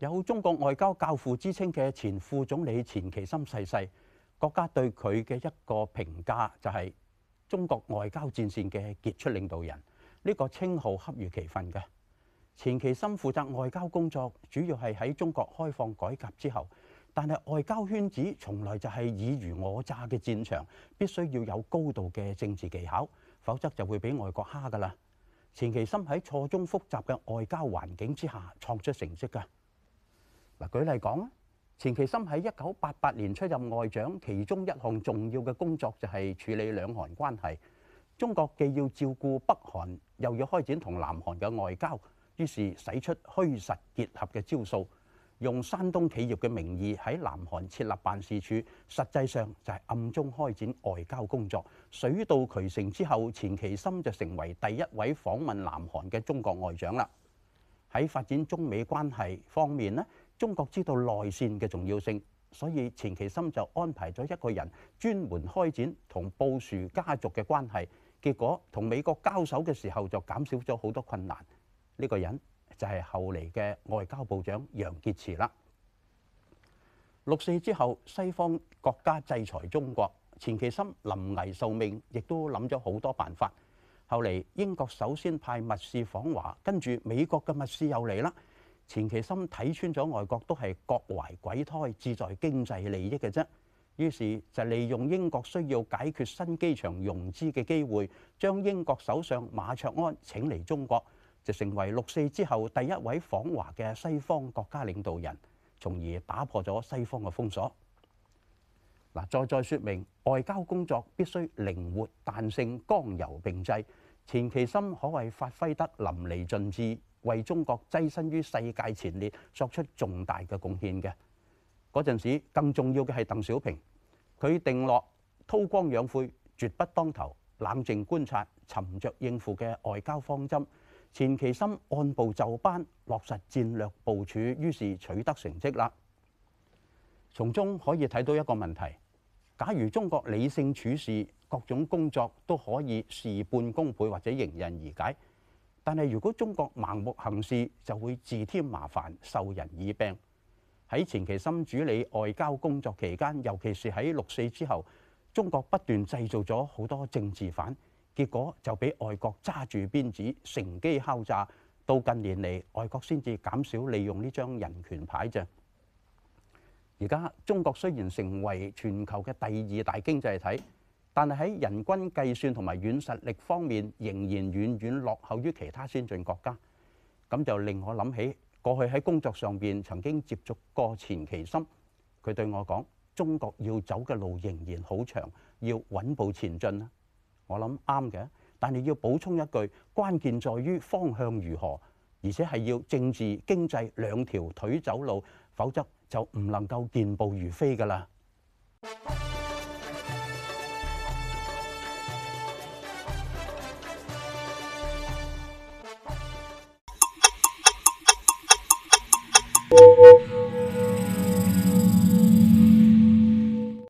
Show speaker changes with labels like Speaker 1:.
Speaker 1: 有中國外交教父之稱嘅前副總理錢其琛逝世，國家對佢嘅一個評價就係中國外交戰線嘅傑出領導人。呢個稱號恰如其分嘅。錢其琛負責外交工作，主要係喺中國開放改革之後，但係外交圈子從來就係爾虞我詐嘅戰場，必須要有高度嘅政治技巧，否則就會俾外國蝦㗎啦。錢其琛喺錯綜複雜嘅外交環境之下創出成績㗎。嗱，舉例講啦，錢其琛喺一九八八年出任外長，其中一項重要嘅工作就係處理兩韓關係。中國既要照顧北韓，又要開展同南韓嘅外交，於是使出虛實結合嘅招數，用山東企業嘅名義喺南韓設立辦事處，實際上就係暗中開展外交工作。水到渠成之後，錢其琛就成為第一位訪問南韓嘅中國外長啦。喺發展中美關係方面咧。中國知道內線嘅重要性，所以錢其琛就安排咗一個人專門開展同布殊家族嘅關係。結果同美國交手嘅時候就減少咗好多困難。呢個人就係後嚟嘅外交部長楊潔篪啦。六四之後，西方國家制裁中國，錢其琛臨危受命，亦都諗咗好多辦法。後嚟英國首先派密使訪華，跟住美國嘅密使又嚟啦。錢其琛睇穿咗，外國都係各懷鬼胎，志在經濟利益嘅啫。於是就利用英國需要解決新機場融資嘅機會，將英國首相馬卓安請嚟中國，就成為六四之後第一位訪華嘅西方國家領導人，從而打破咗西方嘅封鎖。嗱，再再説明，外交工作必須靈活彈性，剛柔並濟。錢其琛可謂發揮得淋漓盡致，為中國躋身於世界前列作出重大嘅貢獻嘅。嗰陣時更重要嘅係鄧小平，佢定落韜光養晦、絕不當頭、冷靜觀察、沉着應付嘅外交方針。錢其琛按部就班落實戰略部署，於是取得成績啦。從中可以睇到一個問題。假如中國理性處事，各種工作都可以事半功倍或者迎刃而解。但係如果中國盲目行事，就會自添麻煩，授人以柄。喺錢其琛處理外交工作期間，尤其是喺六四之後，中國不斷製造咗好多政治犯，結果就俾外國揸住鞭子，乘機敲詐。到近年嚟，外國先至減少利用呢張人權牌啫。而家中國雖然成為全球嘅第二大經濟體，但係喺人均計算同埋軟實力方面，仍然遠遠落後於其他先進國家。咁就令我諗起過去喺工作上面曾經接觸過錢其琛，佢對我講：中國要走嘅路仍然好長，要穩步前進啦。我諗啱嘅，但係要補充一句，關鍵在於方向如何。而且係要政治經濟兩條腿走路，否則就唔能夠健步如飛㗎啦。